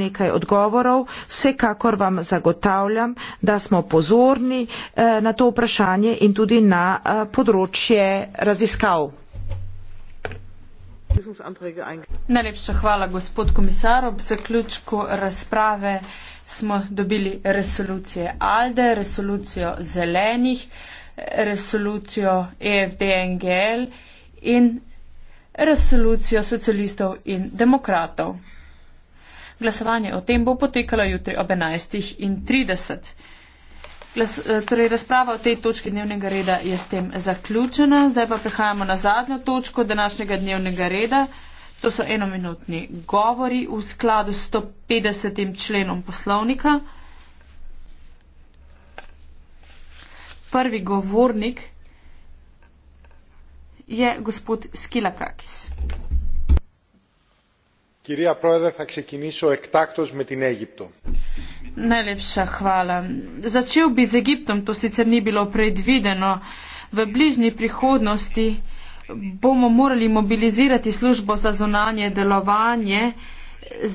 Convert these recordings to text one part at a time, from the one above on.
nekaj odgovorov. Vsekakor vam zagotavljam, da smo pozorni eh, na to vprašanje in tudi na eh, področje raziskav. Najlepša hvala, gospod komisar. Ob zaključku razprave smo dobili resolucije ALDE, resolucijo zelenih, resolucijo EFDNGL in resolucijo socialistov in demokratov. Glasovanje o tem bo potekalo jutri ob 11.30. Eh, torej, razprava o tej točki dnevnega reda je s tem zaključena. Zdaj pa prehajamo na zadnjo točko današnjega dnevnega reda. To so enominutni govori v skladu s 150. členom poslovnika. Prvi govornik je gospod Skilakakis. Κυρία Πρόεδρε, θα ξεκινήσω εκτάκτως με την Αίγυπτο. Najlepša hvala. Začel bi z Egiptom, to sicer ni bilo predvideno. V bližnji prihodnosti bomo morali mobilizirati službo za zunanje delovanje,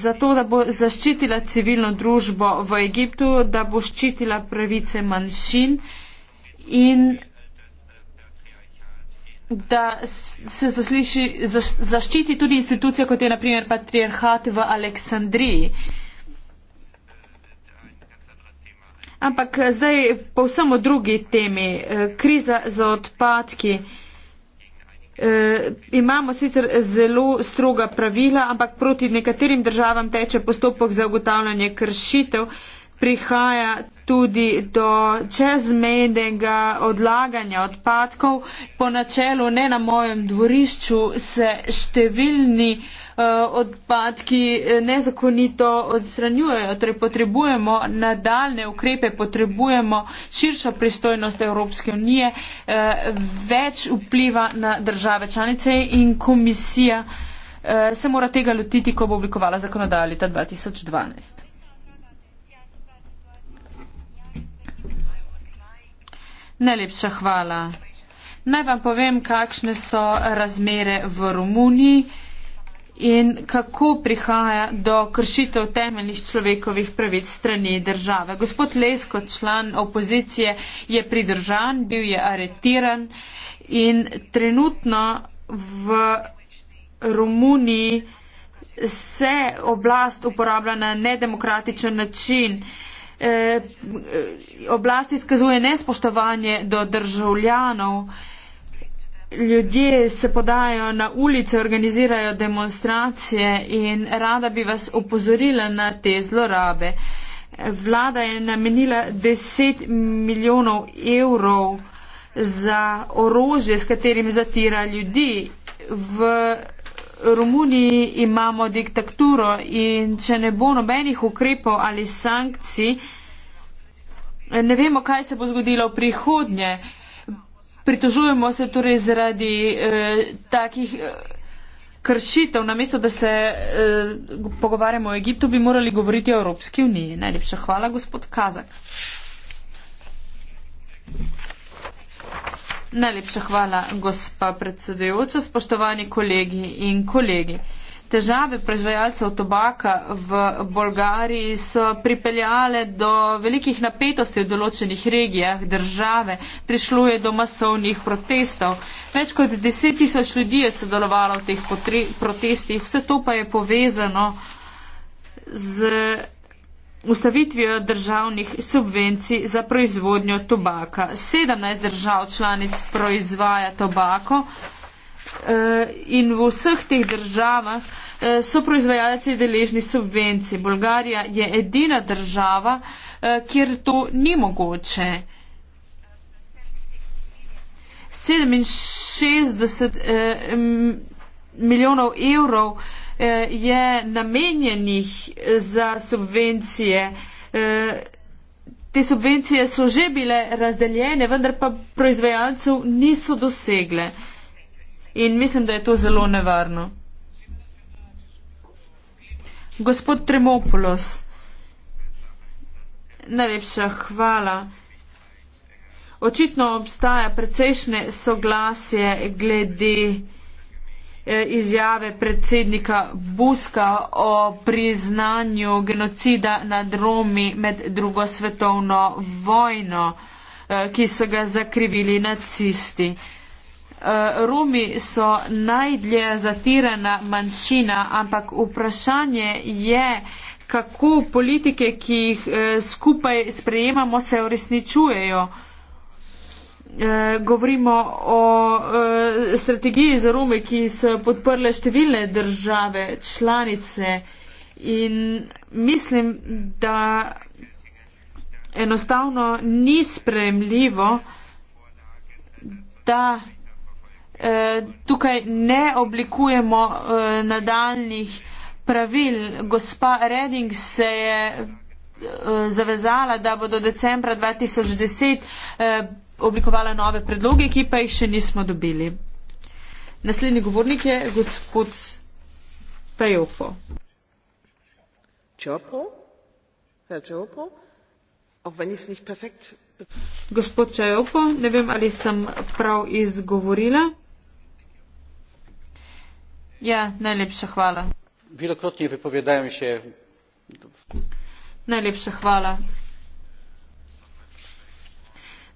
zato da bo zaščitila civilno družbo v Egiptu, da bo ščitila pravice manjšin in da se zasliši, zaš, zaščiti tudi institucije, kot je naprimer patriarhat v Aleksandriji. Ampak zdaj povsem o drugi temi, eh, kriza za odpadki. E, imamo sicer zelo stroga pravila, ampak proti nekaterim državam teče postopek za ugotavljanje kršitev prihaja tudi do čezmejnega odlaganja odpadkov. Po načelu ne na mojem dvorišču se številni eh, odpadki eh, nezakonito odstranjujejo. Torej potrebujemo nadaljne ukrepe, potrebujemo širšo pristojnost Evropske unije, eh, več vpliva na države članice in komisija se mora tega lotiti, ko bo oblikovala zakonodajo leta 2012. Najlepša hvala. Naj vam povem, kakšne so razmere v Romuniji in kako prihaja do kršitev temeljnih človekovih pravic strani države. Gospod Lesko, član opozicije, je pridržan, bil je aretiran in trenutno v Romuniji se oblast uporablja na nedemokratičen način. Eh, oblast izkazuje nespoštovanje do državljanov. Ljudje se podajo na ulice, organizirajo demonstracije in rada bi vas opozorila na te zlorabe. Vlada je namenila 10 milijonov evrov za orožje, s katerim zatira ljudi. V Romuniji imamo diktaturo in če ne bo nobenih ukrepov ali sankcij, ne vemo, kaj se bo zgodilo v prihodnje. Pritožujemo se torej zaradi eh, takih eh, kršitev, namesto da se eh, pogovarjamo o Egiptu, bi morali govoriti o Evropski uniji. Najlepša hvala, gospod Kazak. Najlepša hvala, gospa predsedujoča. Spoštovani kolegi in kolegi. Težave proizvajalcev tobaka v Bolgariji so pripeljale do velikih napetosti v določenih regijah države. Prišlo je do masovnih protestov. Več kot deset tisoč ljudi je sodelovalo v teh potre, protestih. Vse to pa je povezano z ustavitvijo državnih subvencij za proizvodnjo tobaka. 17 držav članic proizvaja tobako eh, in v vseh teh državah eh, so proizvajalci deležni subvencij. Bolgarija je edina država, eh, kjer to ni mogoče. 67 eh, milijonov evrov eh, Eh, je namenjenih za subvencije. Eh, te subvencije so že bile razdeljene, vendar pa proizvajalcev niso dosegle. In mislim, da je to zelo nevarno. Gospod Tremopolos, najlepša hvala. Očitno obstaja precejšnje soglasje glede. Eh, izjave predsednika Buska o priznanju genocida nad Romi med drugo svetovno vojno, eh, ki so ga zakrivili nacisti. Eh, Romi so najdlje zatirana manjšina, ampak vprašanje je, kako politike, ki jih skupaj sprejemamo, se uresničujejo. Eh, govorimo o e, strategiji za Rome, ki so podprle številne države, članice in mislim, da enostavno ni spremljivo, da e, tukaj ne oblikujemo e, nadaljnih pravil. Gospa Reding se je e, zavezala, da bo do decembra 2010 e, oblikovala nove predloge, ki pa jih še nismo dobili. Naslednji govornik je gospod Pejopo. Čopo? Herr Čopo? Auch wenn ich nicht perfekt. Gospod Čajopo, ne vem, ali sem prav izgovorila. Ja, najlepša hvala. Najlepša hvala.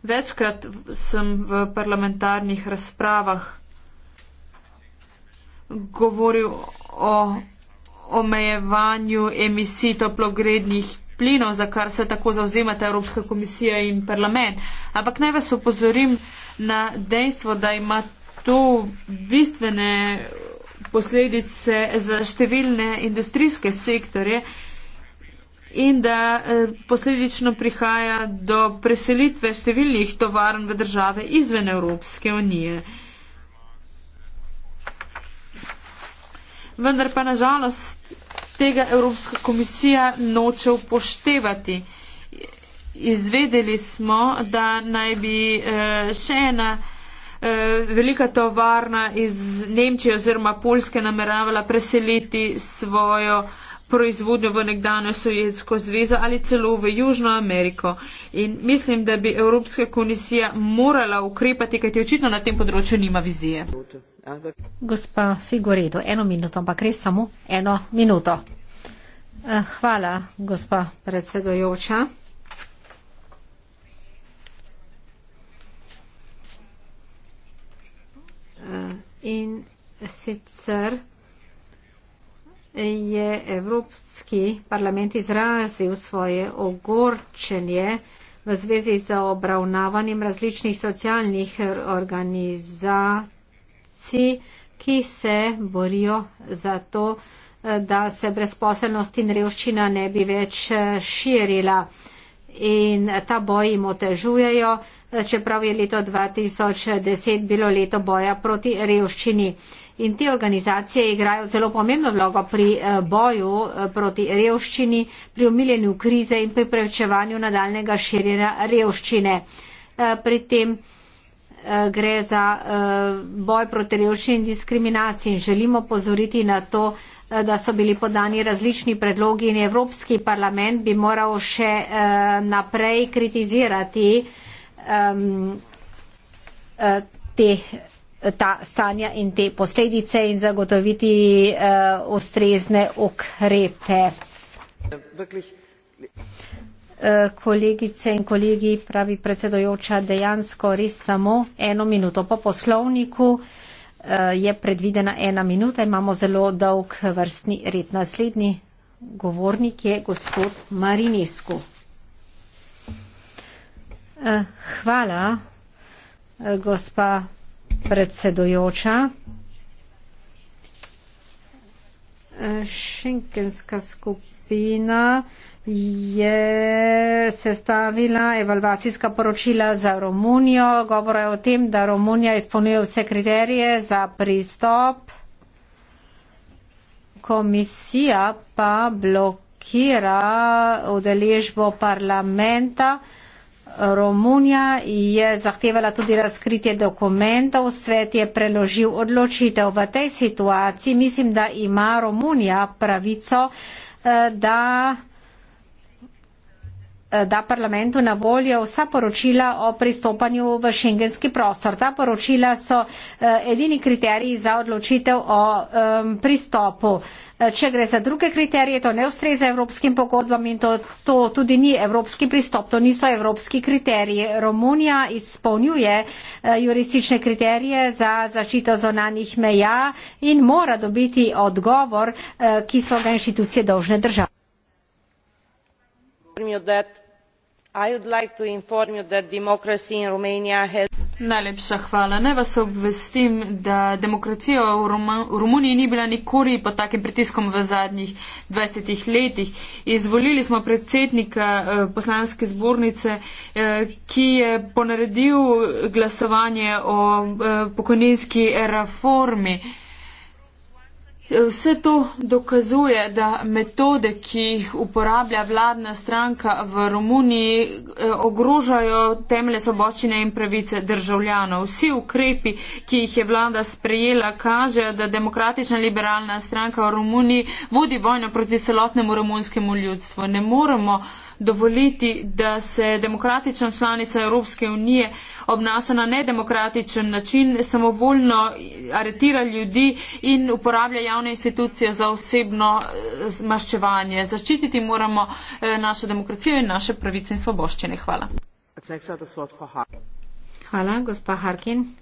Večkrat sem v parlamentarnih razpravah govoril o omejevanju emisij toplogrednih plinov, za kar se tako zauzemata Evropska komisija in parlament. Ampak naj vas upozorim na dejstvo, da ima to bistvene posledice za številne industrijske sektorje in da eh, posledično prihaja do preselitve številnih tovarn v države izven Evropske unije. Vendar pa nažalost tega Evropska komisija noče upoštevati. Izvedeli smo, da naj bi eh, še ena eh, velika tovarna iz Nemčije oziroma Polske nameravala preseliti svojo proizvodnjo v nekdanjo Sovjetsko zvezo ali celo v Južno Ameriko. In mislim, da bi Evropska komisija morala ukrepati, kajti očitno na tem področju nima vizije. Gospa Figoredo, eno minuto, ampak res samo eno minuto. Eh, hvala, gospa predsedojoča. Eh, in sicer je Evropski parlament izrazil svoje ogorčenje v zvezi z obravnavanjem različnih socialnih organizacij, ki se borijo za to, eh, da se brezposelnost in revščina ne bi več eh, širila in ta boj jim otežujejo, čeprav je leto 2010 bilo leto boja proti revščini. In te organizacije igrajo zelo pomembno vlogo pri eh, boju eh, proti revščini, pri umiljenju krize in pri prevečevanju nadaljnega širjenja revščine. Eh, pri tem gre za boj proti revščini in diskriminaciji in želimo pozoriti na to, da so bili podani različni predlogi in Evropski parlament bi moral še eh, naprej kritizirati um, te, ta stanja in te posledice in zagotoviti uh, ustrezne ukrepe. Kolegice in kolegi, pravi predsedojoča, dejansko res samo eno minuto po poslovniku. Uh, Eh, je predvidena ena minuta. Imamo zelo dolg vrstni red. Naslednji govornik je gospod Marinescu. Eh, hvala, eh, gospa predsedojoča. Šengenska skupina je sestavila evalvacijska poročila za Romunijo. Govora je o tem, da Romunija izpolnjuje vse kriterije za pristop. Komisija pa blokira udeležbo parlamenta. Romunija je zahtevala tudi razkritje dokumentov, svet je preložil odločitev. V tej situaciji mislim, da ima Romunija pravico, eh, da Eh, da parlamentu na voljo vsa poročila o pristopanju v šengenski prostor. Ta poročila so eh, edini kriteriji za odločitev o pristopu. Eh, če gre za druge kriterije, to ne ustreza evropskim pogodbam in to, to tudi ni evropski pristop, to niso evropski kriteriji. Romunija izpolnjuje juristične kriterije za zaščito zonanih meja in mora dobiti odgovor, ki so ga inštitucije dolžne države. Najlepša hvala. Naj vas obvestim, da demokracija v, Roma, v Romuniji ni bila nikoli pod takim pritiskom v zadnjih 20 letih. Izvolili smo predsednika eh, poslanske zbornice, eh, ki je ponaredil glasovanje o eh, pokojninski reformi. Eh, Vse to dokazuje, da metode, ki jih uporablja vladna stranka v Romuniji, eh, ogrožajo temelje soboščine in pravice državljanov. Vsi ukrepi, ki jih je vlada sprejela, kažejo, da demokratična liberalna stranka v Romuniji vodi vojno proti celotnemu romunskemu ljudstvu. Ne moremo uh, dovoliti, da se demokratična članica Evropske unije obnaša na nedemokratičen način, samovoljno aretira ljudi in uporablja javne institucije za osebno eh, maščevanje. Zaščititi moramo eh, našo demokracijo in naše pravice in svoboščine. Hvala. Hvala, gospa Harkin. Hvala, gospa Harkin.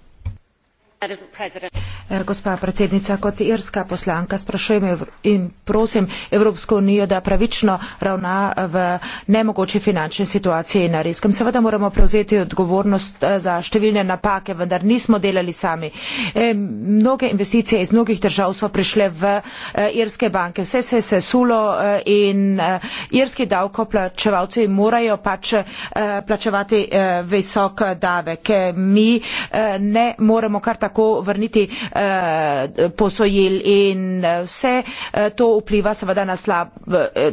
Eh, gospa predsednica, kot irska poslanka sprašujem in prosim Evropsko unijo, da pravično ravna eh, v nemogoče finančne situacije in na riskem. Seveda moramo prevzeti odgovornost eh, za številne napake, vendar nismo delali sami. Mnoge investicije iz mnogih držav so prišle v irske banke. Vse se je sesulo in irski davkoplačevalci morajo pač plačevati visok davek. Mi ne moremo kar tako vrniti Eh, posojil in eh, vse eh, to vpliva seveda na slab,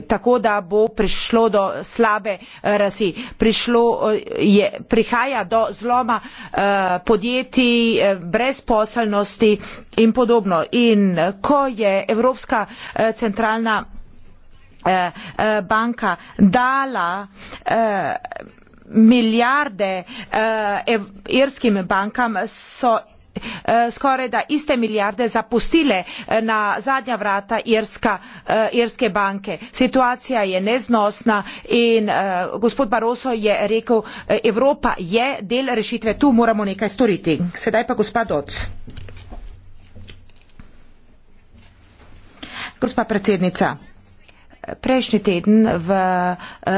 tako da bo prišlo do slabe rasi. Prišlo je, prihaja do zloma podjetij, brezposelnosti in podobno. In ko je Evropska centralna banka dala milijarde eh, irskim bankam, so Eh, skoraj da iste milijarde zapustile eh, na zadnja vrata Irska, eh, irske banke. Situacija je neznosna in gospod Barroso je rekel, Evropa je del rešitve, tu moramo nekaj storiti. Sedaj pa gospod Doc. Gospa predsednica. Prejšnji teden v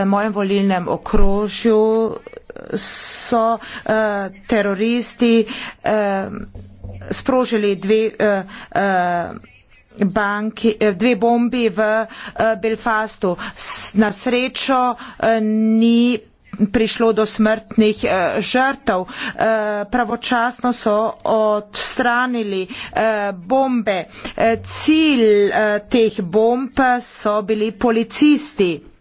mojem volilnem okrožju so uh, teroristi uh, sprožili dve, uh, uh, banki, dve bombi v uh, Belfastu. Na srečo uh, ni prišlo do smrtnih uh, žrtev. Uh, pravočasno so odstranili uh, bombe. Uh, cilj uh, teh bomb so bili policisti.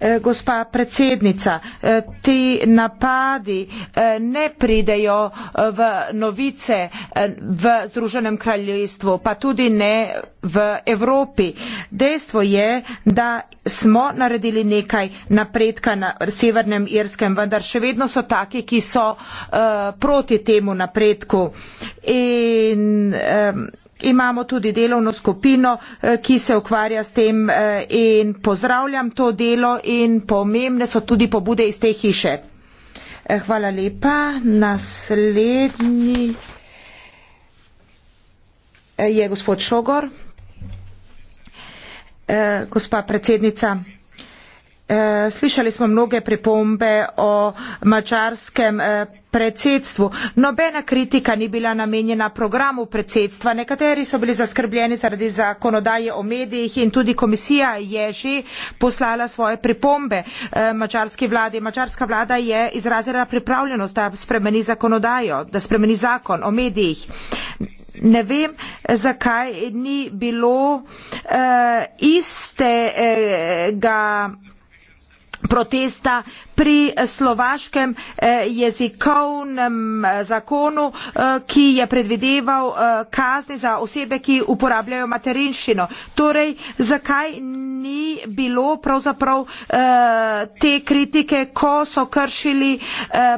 Eh, gospa predsednica, eh, ti napadi eh, ne pridejo v novice v Združenem kraljestvu, pa tudi ne v Evropi. Dejstvo je, da smo naredili nekaj napredka na Severnem Irskem, vendar še vedno so taki, ki so proti temu napredku. In, Imamo tudi delovno skupino, eh, ki se ukvarja s tem eh, in pozdravljam to delo in pomembne so tudi pobude iz te hiše. Eh, hvala lepa. Naslednji je gospod Šogor. Gospa predsednica. Slišali smo mnoge pripombe o mačarskem predsedstvu. Nobena kritika ni bila namenjena programu predsedstva. Nekateri so bili zaskrbljeni zaradi zakonodaje o medijih in tudi komisija je že poslala svoje pripombe eh, mačarski vladi. Mačarska vlada je izrazila pripravljenost, da spremeni zakonodajo, da spremeni zakon o medijih. Ne vem, zakaj ni bilo uh, istega protesta pri eh, slovaškem eh, jezikovnem eh, zakonu, ki je predvideval kazni za osebe, ki uporabljajo materinščino. Torej, zakaj ni bilo pravzaprav te kritike, ko so kršili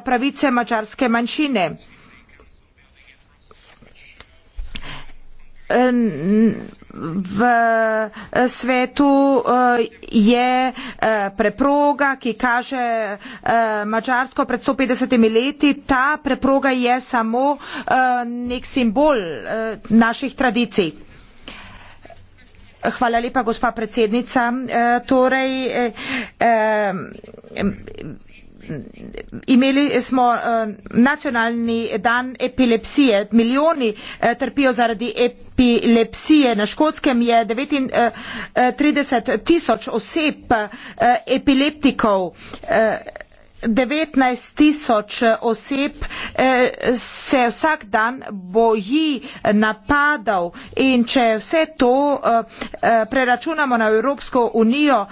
pravice mačarske manjšine? Um, v eh, svetu eh, je eh, preproga, ki kaže Mačarsko pred 150 leti. Ta preproga je samo nek simbol naših tradicij. Hvala lepa, gospa predsednica. Torej, imeli smo uh, nacionalni dan epilepsije. Milijoni uh, trpijo zaradi epilepsije. Na škotskem je 39 eh, tisoč oseb uh, epileptikov. Uh, 19 tisoč oseb se vsak dan boji napadov in če vse to preračunamo na Evropsko unijo,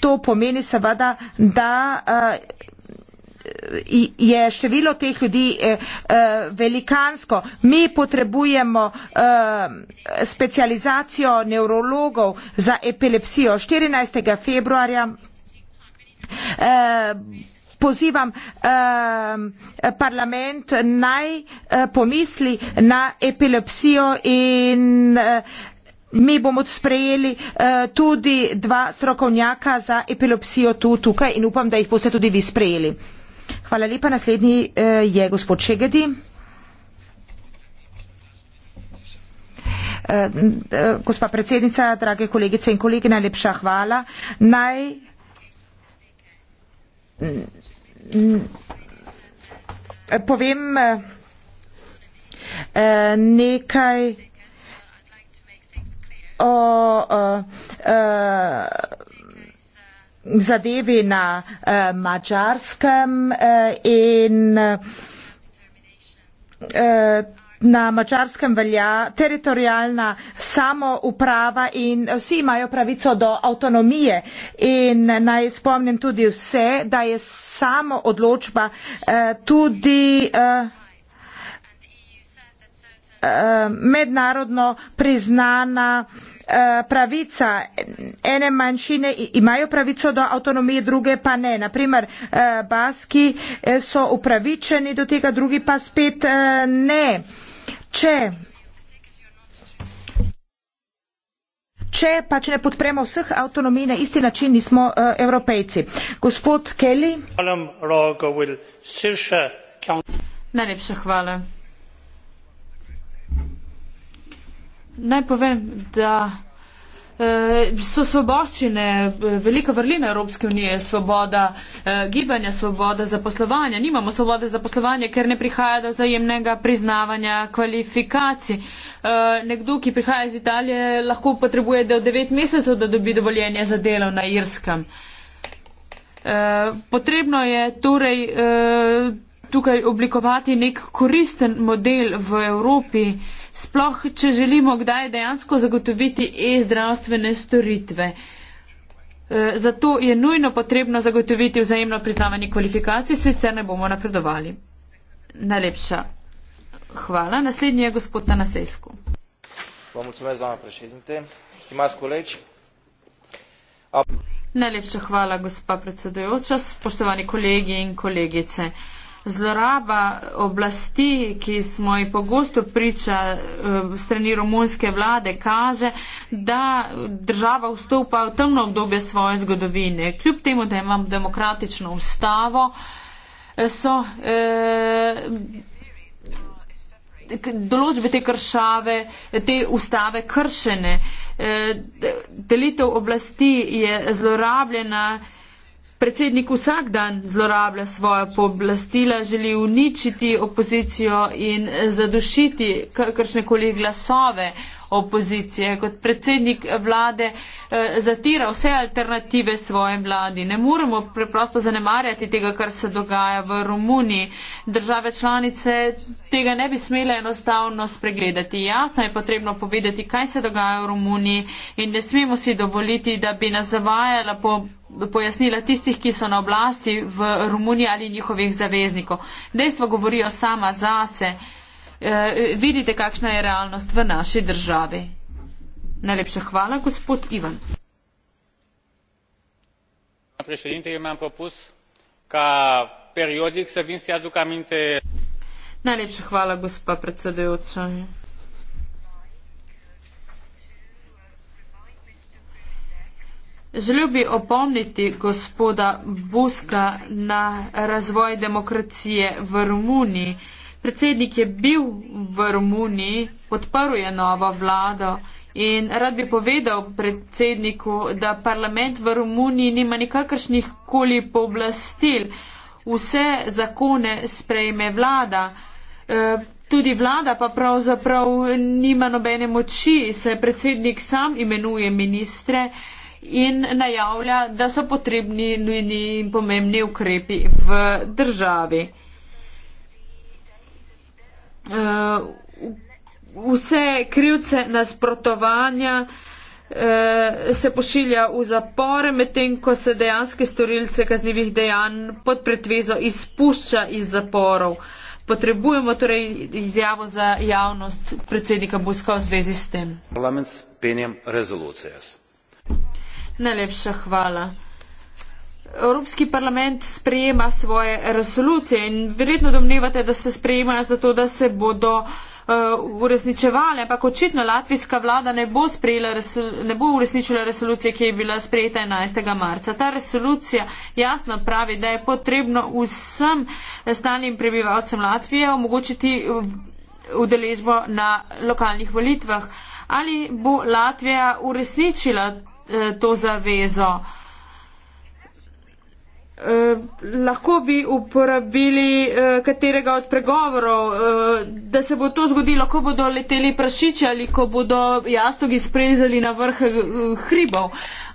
to pomeni seveda, da je število teh ljudi eh, eh, velikansko. Mi potrebujemo eh, specializacijo neurologov za epilepsijo. 14. februarja pozivam parlament naj pomisli na epilepsijo in Mi bomo sprejeli uh, tudi dva strokovnjaka za epilepsijo tu, tukaj in upam, da jih boste tudi vi sprejeli. Hvala lepa. Naslednji eh, je gospod Šegedi. Eh, eh, gospa predsednica, drage kolegice in kolegi, najlepša hvala. Naj povem nekaj o. o, o zadevi na eh, mačarskem eh, in eh, na mačarskem velja teritorijalna samouprava in vsi imajo pravico do avtonomije. In naj spomnim tudi vse, da je samo odločba eh, tudi. Eh, eh mednarodno priznana uh, Eh, pravica ene manjšine imajo pravico do avtonomije, druge pa ne. Naprimer, eh, baski eh, so upravičeni do tega, drugi pa spet ne. Če Če pač ne podpremo vseh avtonomij na isti način, nismo uh, evropejci. Gospod Kelly. Najlepša hvala. Naj povem, da eh, so svobočine, eh, velika vrlina Evropske unije, svoboda eh, gibanja, svoboda zaposlovanja. Nimamo svobode zaposlovanja, ker ne prihaja do vzajemnega priznavanja kvalifikacij. Nekdo, ki prihaja iz Italije, lahko potrebuje do 9 mesecev, da dobi dovoljenje za delo na Irskem. Potrebno je torej tukaj oblikovati nek koristen model v Evropi, sploh če želimo kdaj dejansko zagotoviti e-zdravstvene storitve. E, zato je nujno potrebno zagotoviti vzajemno priznavanje kvalifikacij, sicer ne bomo napredovali. Najlepša hvala. Naslednji je gospod Tanasesku. Najlepša hvala, gospa predsedujoča, spoštovani kolegi in kolegice zloraba oblasti, ki smo ji pogosto priča eh, strani romunske vlade, kaže, da država vstopa v temno obdobje svoje zgodovine. Kljub temu, da imam demokratično ustavo, eh, so. Eh, določbe te kršave, te ustave kršene. Eh, delitev oblasti je zlorabljena predsednik vsak dan zlorablja svoje pooblastila, želi uničiti opozicijo in zadušiti kakršne koli glasove opozicije, kot predsednik vlade eh, zatira vse alternative svoje vladi. Ne moremo preprosto zanemarjati tega, kar se dogaja v Romuniji. Države članice tega ne bi smele enostavno spregledati. Jasno je potrebno povedati, kaj se dogaja v Romuniji in ne smemo si dovoliti, da bi nas zavajala po pojasnila tistih, ki so na oblasti v Romuniji ali njihovih zaveznikov. Dejstvo govorijo sama zase eh, vidite, kakšna je realnost v naši državi. Najlepša hvala, gospod Ivan. Najlepša hvala, gospa predsedujoča. Želel bi opomniti gospoda Buska na razvoj demokracije v Romuniji. Predsednik je bil v Romuniji, podprl je novo vlado in rad bi povedal predsedniku, da parlament v Romuniji nima nikakršnih koli pooblastil. Vse zakone sprejme vlada. E, tudi vlada pa pravzaprav nima nobene moči, se predsednik sam imenuje ministre in najavlja, da so potrebni nujni in pomembni ukrepi v državi uh, vse krivce nasprotovanja uh, se pošilja v zapore, medtem ko se dejanske storilce kaznjivih dejanj pod pretvezo izpušča iz zaporov. Potrebujemo torej izjavo za javnost predsednika Buska v zvezi s tem. Najlepša hvala. Evropski parlament sprejema svoje resolucije in verjetno domnevate, da se sprejemajo zato, da se bodo uh, uresničevali, ampak očitno latvijska vlada ne bo, resol, ne bo uresničila resolucije, ki je bila sprejeta 11. marca. Ta resolucija jasno pravi, da je potrebno vsem stalnim prebivalcem Latvije omogočiti udeležbo na lokalnih volitvah. Ali bo Latvija uresničila eh, to zavezo? Eh, lahko bi uporabili uh, katerega od pregovorov, uh, da se bo to zgodilo, ko bodo leteli prašiči ali ko bodo jastogi sprezali na vrh uh, hribov.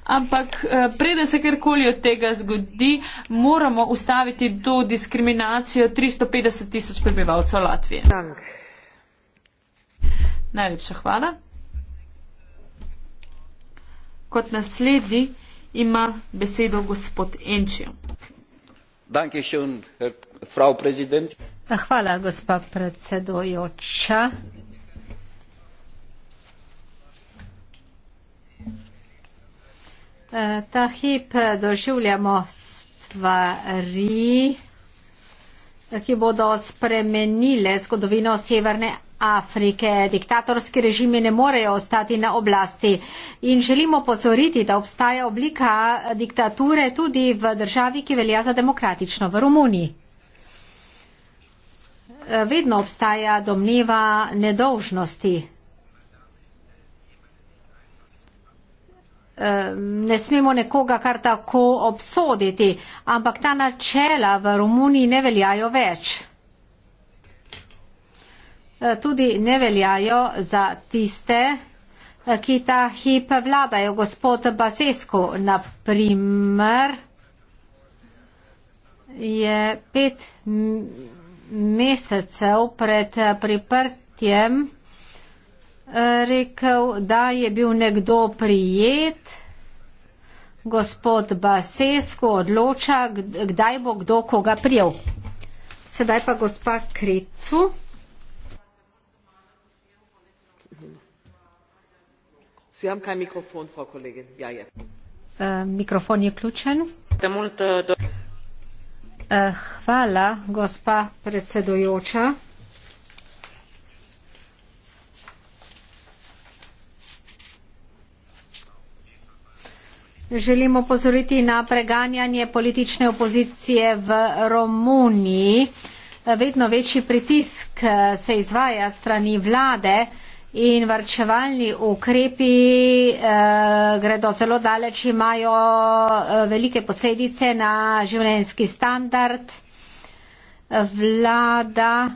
Ampak preden se karkoli od tega zgodi, moramo ustaviti to diskriminacijo 350 tisoč prebivalcev Latvije. Dank. Najlepša hvala. Kot naslednji ima besedo gospod Enčijo. Ja, hvala, gospa predsedojoča. E, ta hip doživljamo stvari, ki bodo spremenile zgodovino Severne Afrike. Diktatorski režimi ne morejo ostati na oblasti in želimo pozoriti, da obstaja oblika diktature tudi v državi, ki velja za demokratično, v Romuniji. Vedno obstaja domneva nedolžnosti. Ne smemo nekoga kar tako obsoditi, ampak ta načela v Romuniji ne veljajo več. Eh, tudi ne veljajo za tiste, eh, ki ta hip vladajo, gospod Basesko, na primer, je pet mesecev pred eh, priprtjem rekel, da je bil nekdo prijet, gospod Basesko odloča, kdaj bo kdo koga prijel. Sedaj pa gospa Krecu. Sie haben kein Mikrofon, Frau Kollegin. Ja, ja. Äh, Mikrofon geklutschen. Äh, eh, hvala, gospa predsedujoča. Želim opozoriti na preganjanje politične opozicije v Romuniji. Eh, vedno večji pritisk se izvaja strani vlade in varčevalni ukrepi eh, gredo zelo daleč, imajo eh, velike posledice na življenjski standard. Vlada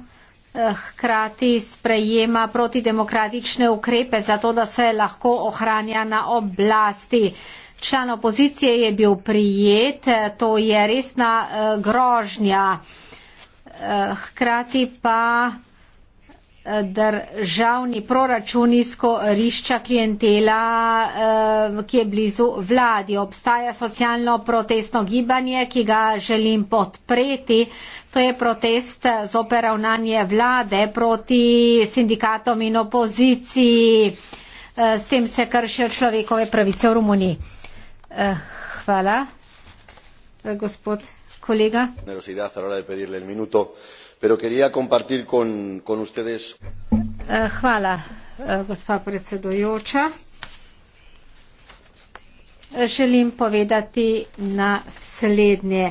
eh, hkrati sprejema protidemokratične ukrepe za to, da se lahko ohranja na oblasti. Član opozicije je bil prijet, eh, to je resna eh, grožnja. Eh, hkrati pa državni proračunsko rišča klientela, eh, ki je blizu vladi. Obstaja socialno protestno gibanje, ki ga želim podpreti. To je protest z operavnanje vlade proti sindikatom in opoziciji. Eh, s tem se kršijo človekove pravice v Romuniji. Eh, hvala, gospod kolega pero quería compartir con, con ustedes. Eh, hvala, eh, Želim povedati naslednje.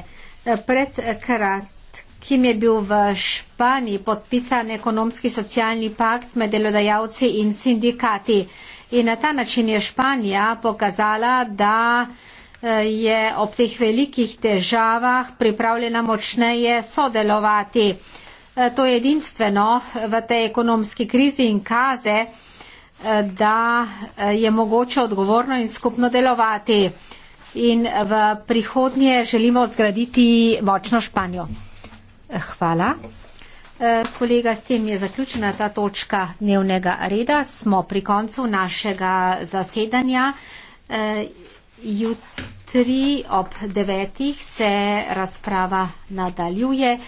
Eh, pred kratkim je bil v Španiji podpisan ekonomski socialni pakt med delodajalci in sindikati. In na ta način je Španija pokazala, da eh, je ob teh velikih težavah pripravljena močneje sodelovati. Eh, to je edinstveno v tej ekonomski krizi in kaze, eh, da eh, je mogoče odgovorno in skupno delovati. In v prihodnje želimo zgraditi močno Španijo. Hvala. Kolega, s tem je zaključena ta točka dnevnega reda. Smo pri koncu našega zasedanja. Jutri ob devetih se razprava nadaljuje.